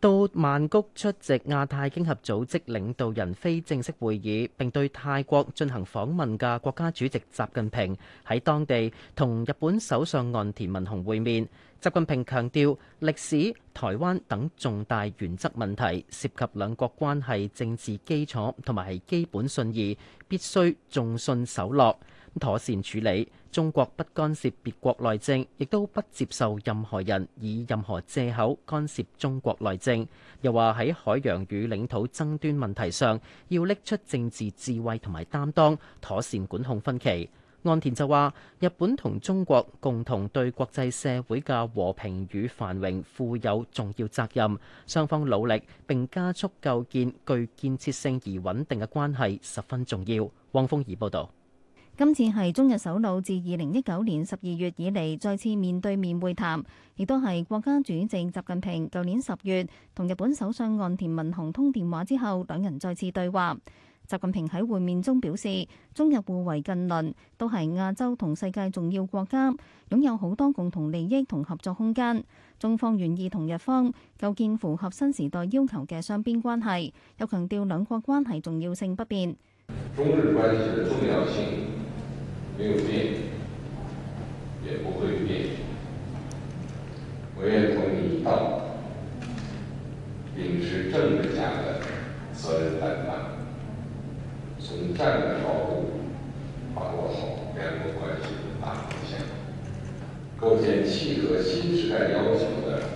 到曼谷出席亞太經合組織領導人非正式會議，並對泰國進行訪問嘅國家主席習近平，喺當地同日本首相岸田文雄會面。習近平強調歷史、台灣等重大原則問題涉及兩國關係政治基礎同埋基本信義，必須重信守諾。妥善處理中國不干涉別國內政，亦都不接受任何人以任何借口干涉中國內政。又話喺海洋與領土爭端問題上，要拎出政治智慧同埋擔當，妥善管控分歧。岸田就話：日本同中國共同對國際社會嘅和平與繁榮負有重要責任，雙方努力並加速構建具建設性而穩定嘅關係十分重要。汪峰儀報導。今次係中日首腦自二零一九年十二月以嚟再次面對面會談，亦都係國家主席習近平舊年十月同日本首相岸田文雄通電話之後，兩人再次對話。習近平喺會面中表示，中日互為近鄰，都係亞洲同世界重要國家，擁有好多共同利益同合作空間。中方願意同日方構建符合新時代要求嘅雙邊關係，又強調兩國關係重要性不變。中日關係重要性沒有變，也不會變。我願同你一道，秉持政治家的責任擔當，從戰略高度把握好兩國關係的大方向，構建契合新時代要求的。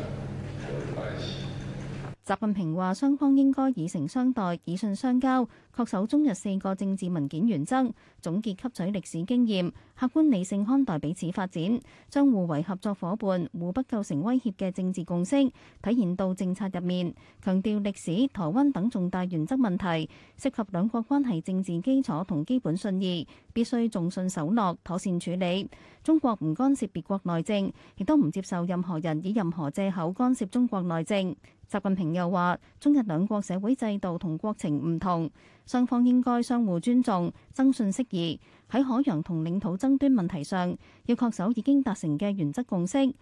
習近平話：雙方應該以誠相待，以信相交，恪守中日四個政治文件原則，總結吸取歷史經驗。客觀理性看待彼此發展，將互為合作伙伴、互不構成威脅嘅政治共識體現到政策入面，強調歷史、台灣等重大原則問題涉及兩國關係政治基礎同基本信義，必須重信守諾，妥善處理。中國唔干涉別國內政，亦都唔接受任何人以任何借口干涉中國內政。習近平又話：中日兩國社會制度同國情唔同，雙方應該相互尊重、增信釋疑。喺海洋同領土爭端問題上，要確守已經達成嘅原則共識，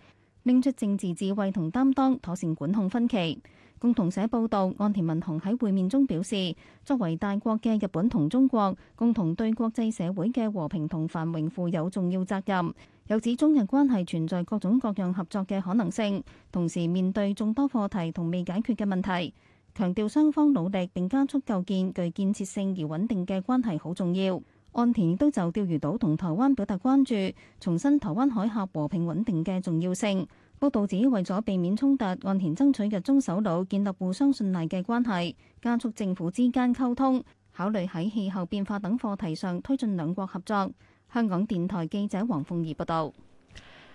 拎出政治智慧同擔當，妥善管控分歧。共同社報道，岸田文雄喺會面中表示，作為大國嘅日本同中國，共同對國際社會嘅和平同繁榮負有重要責任。又指中日關係存在各種各樣合作嘅可能性，同時面對眾多課題同未解決嘅問題，強調雙方努力並加速構建具建設性而穩定嘅關係好重要。岸田亦都就釣魚島同台灣表達關注，重申台灣海峽和平穩定嘅重要性。報道指為咗避免衝突，岸田爭取日中首腦建立互相信賴嘅關係，加速政府之間溝通，考慮喺氣候變化等課題上推進兩國合作。香港電台記者黃鳳儀報道。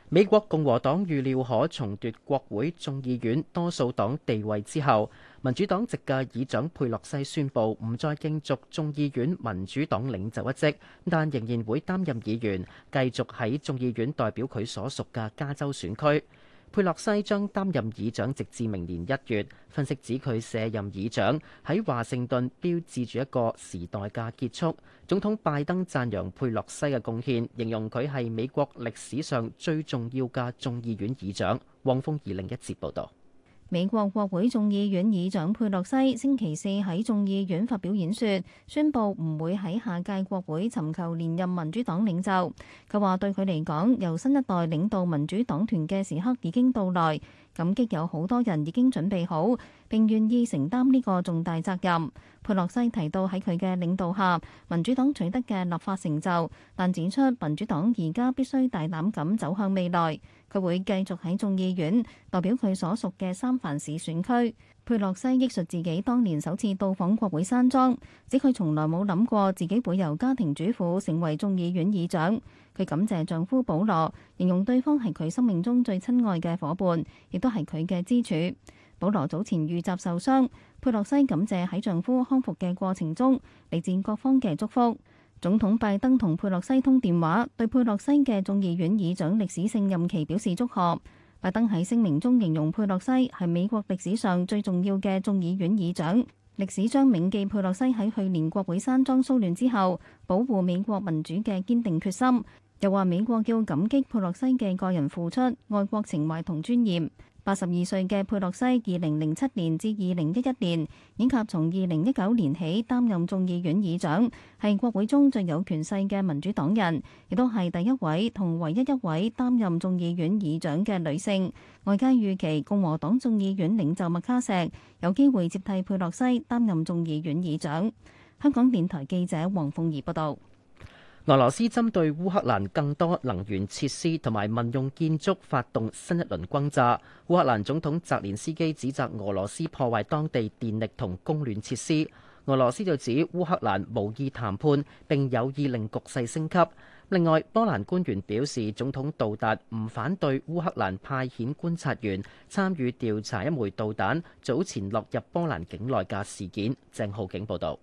美國共和黨預料可重奪國會眾議院多數黨地位之後，民主黨籍嘅議長佩洛西宣佈唔再競逐眾議院民主黨領袖一職，但仍然會擔任議員，繼續喺眾議院代表佢所屬嘅加州選區。佩洛西將擔任議長直至明年一月。分析指佢卸任議長喺華盛頓標誌住一個時代嘅結束。總統拜登讚揚佩洛西嘅貢獻，形容佢係美國歷史上最重要嘅眾議院議長。汪峰二零一四報道。美國國會眾議院議長佩洛西星期四喺眾議院發表演說，宣布唔會喺下屆國會尋求連任民主黨領袖。佢話對佢嚟講，由新一代領導民主黨團嘅時刻已經到來，感激有好多人已經準備好並願意承擔呢個重大責任。佩洛西提到喺佢嘅領導下，民主黨取得嘅立法成就，但指出民主黨而家必須大膽咁走向未來。佢會繼續喺眾議院代表佢所屬嘅三藩市選區。佩洛西憶述自己當年首次到訪國會山莊，指佢從來冇諗過自己會由家庭主婦成為眾議院議長。佢感謝丈夫保羅，形容對方係佢生命中最親愛嘅伙伴，亦都係佢嘅支柱。保羅早前遇襲受傷，佩洛西感謝喺丈夫康復嘅過程中，嚟自各方嘅祝福。總統拜登同佩洛西通電話，對佩洛西嘅眾議院議長歷史性任期表示祝賀。拜登喺聲明中形容佩洛西係美國歷史上最重要嘅眾議院議長，歷史將銘記佩洛西喺去年國會山莊騷亂之後保護美國民主嘅堅定決心。又話美國要感激佩洛西嘅個人付出、愛國情懷同尊嚴。八十二歲嘅佩洛西，二零零七年至二零一一年，以及從二零一九年起擔任眾議院議長，係國會中最有權勢嘅民主黨人，亦都係第一位同唯一一位擔任眾議院議長嘅女性。外界預期共和黨眾議院領袖麥卡錫有機會接替佩洛西擔任眾議院議長。香港電台記者黃鳳儀報道。俄羅斯針對烏克蘭更多能源設施同埋民用建築發動新一輪轟炸。烏克蘭總統澤連斯基指責俄羅斯破壞當地電力同供暖設施，俄羅斯就指烏克蘭無意談判並有意令局勢升級。另外，波蘭官員表示，總統杜達唔反對烏克蘭派遣觀察員參與調查一枚導彈早前落入波蘭境內嘅事件。鄭浩景報道。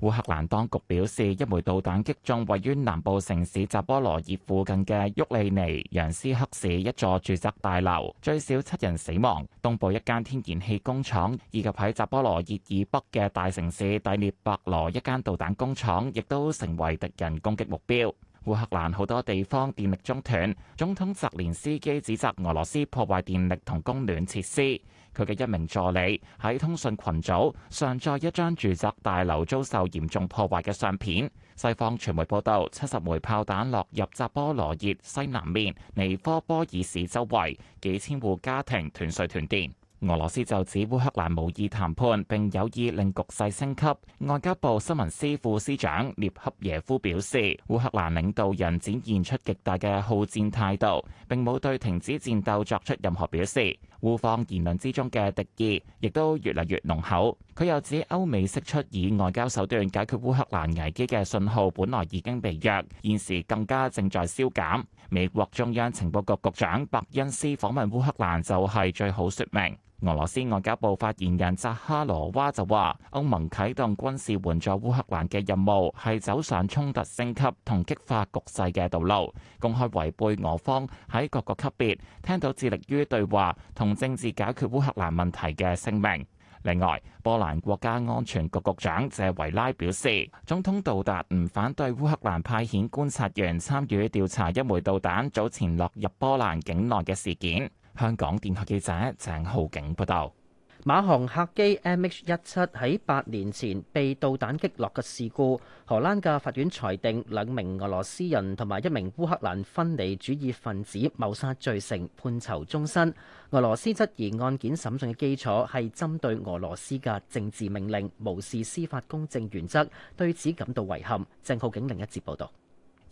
烏克蘭當局表示，一枚導彈擊中位於南部城市扎波羅熱附近嘅沃利尼揚斯克市一座住宅大樓，最少七人死亡。東部一間天然氣工廠以及喺扎波羅熱以，以北嘅大城市第列伯羅一間導彈工廠，亦都成為敵人攻擊目標。烏克蘭好多地方電力中斷，總統澤連斯基指責俄羅斯破壞電力同供暖設施。佢嘅一名助理喺通訊群組上載一張住宅大樓遭受嚴重破壞嘅相片。西方傳媒報道，七十枚炮彈落入扎波羅熱西南面尼科波爾市周圍，幾千戶家庭斷水斷電。俄羅斯就指烏克蘭無意談判，並有意令局勢升級。外交部新聞司副司長涅恰耶夫表示，烏克蘭領導人展現出極大嘅好戰態度，並冇對停止戰鬥作出任何表示。互放言論之中嘅敵意亦都越嚟越濃厚。佢又指歐美釋出以外交手段解決烏克蘭危機嘅信號，本來已經被弱，現時更加正在消減。美國中央情報局局長伯恩斯訪問烏克蘭就係最好説明。俄羅斯外交部發言人扎哈羅娃就話：歐盟啟動軍事援助烏克蘭嘅任務係走上衝突升級同激化局勢嘅道路，公開違背俄方喺各個級別聽到致力於對話同政治解決烏克蘭問題嘅聲明。另外，波蘭國家安全局局長謝維拉表示，總統杜達唔反對烏克蘭派遣觀察員參與調查一枚導彈早前落入波蘭境內嘅事件。香港電台記者鄭浩景報道，馬航客機 MH17 喺八年前被導彈擊落嘅事故，荷蘭嘅法院裁定兩名俄羅斯人同埋一名烏克蘭分離主義分子謀殺罪成，判囚終身。俄羅斯質疑案件審訊嘅基礎係針對俄羅斯嘅政治命令，無視司法公正原則，對此感到遺憾。鄭浩景另一節報道。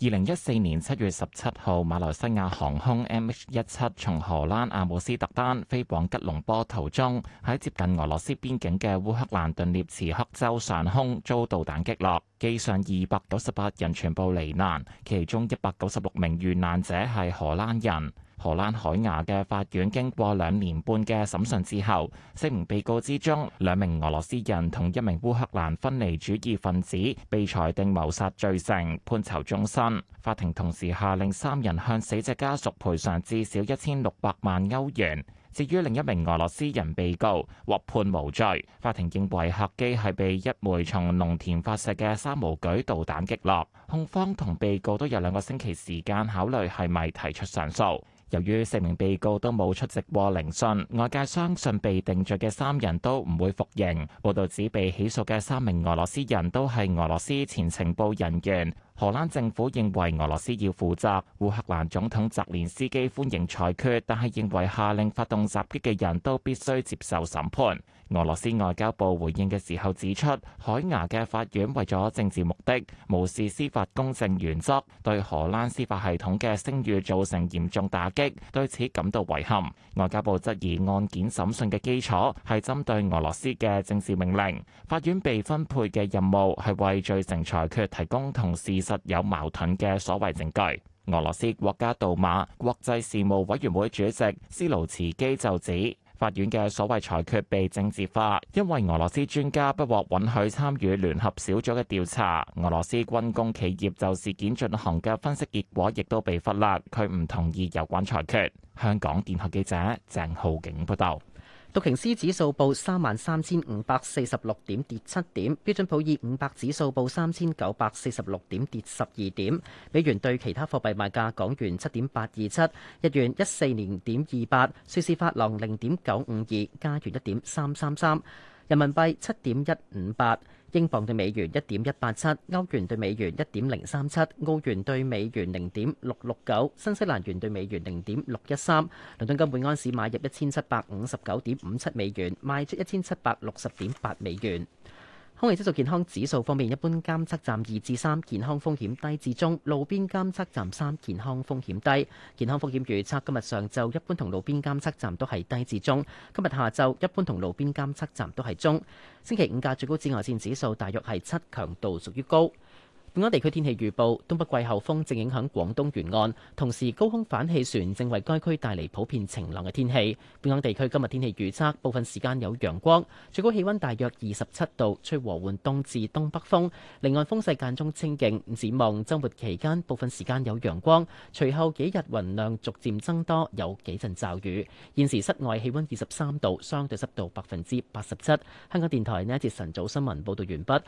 二零一四年七月十七號，馬來西亞航空 MH 一七從荷蘭阿姆斯特丹飛往吉隆坡途中，喺接近俄羅斯邊境嘅烏克蘭頓涅茨克州上空遭導彈擊落，機上二百九十八人全部罹難，其中一百九十六名遇難者係荷蘭人。荷蘭海牙嘅法院經過兩年半嘅審訊之後，四名被告之中，兩名俄羅斯人同一名烏克蘭分離主義分子被裁定謀殺罪成，判囚終身。法庭同時下令三人向死者家屬賠償至少一千六百萬歐元。至於另一名俄羅斯人被告獲判無罪。法庭認為客機係被一枚從農田發射嘅山毛櫸導彈擊落。控方同被告都有兩個星期時間考慮係咪提出上訴。由於四名被告都冇出席過聆訊，外界相信被定罪嘅三人都唔會服刑。報道指被起訴嘅三名俄羅斯人都係俄羅斯前情報人員。荷蘭政府認為俄羅斯要負責，烏克蘭總統澤連斯基歡迎裁決，但係認為下令發動襲擊嘅人都必須接受審判。俄羅斯外交部回應嘅時候指出，海牙嘅法院為咗政治目的，無視司法公正原則，對荷蘭司法系統嘅聲譽造成嚴重打擊，對此感到遺憾。外交部質疑案件審訊嘅基礎係針對俄羅斯嘅政治命令，法院被分配嘅任務係為罪成裁決提供同時實有矛盾嘅所謂證據。俄羅斯國家杜馬國際事務委員會主席斯盧茨基就指，法院嘅所謂裁決被政治化，因為俄羅斯專家不獲允許參與聯合小組嘅調查。俄羅斯軍工企業就事件進行嘅分析結果亦都被忽略，佢唔同意有關裁決。香港電台記者鄭浩景報道。道瓊斯指數報三萬三千五百四十六點，跌七點；標準普爾五百指數報三千九百四十六點，跌十二點。美元對其他貨幣賣價：港元七點八二七，日元一四零點二八，瑞士法郎零點九五二，加元一點三三三。人民幣七點一五八，英鎊對美元一點一八七，歐元對美元一點零三七，澳元對美元零點六六九，新西蘭元對美元零點六一三。倫敦金每盎司買入一千七百五十九點五七美元，賣出一千七百六十點八美元。空氣質素健康指數方面，一般監測站二至三，健康風險低至中；路邊監測站三，健康風險低。健康風險預測今日上晝一般同路邊監測站都係低至中，今日下晝一般同路邊監測站都係中。星期五嘅最高紫外綫指數大約係七，強度屬於高。本港地區天氣預報：東北季候風正影響廣東沿岸，同時高空反氣旋正為該區帶嚟普遍晴朗嘅天氣。本港地區今日天氣預測：部分時間有陽光，最高氣溫大約二十七度，吹和緩東至東北風。另外，風勢間中清勁。展望周末期間，部分時間有陽光，隨後幾日雲量逐漸增多，有幾陣驟雨。現時室外氣溫二十三度，相對濕度百分之八十七。香港電台呢一節晨早新聞報道完畢。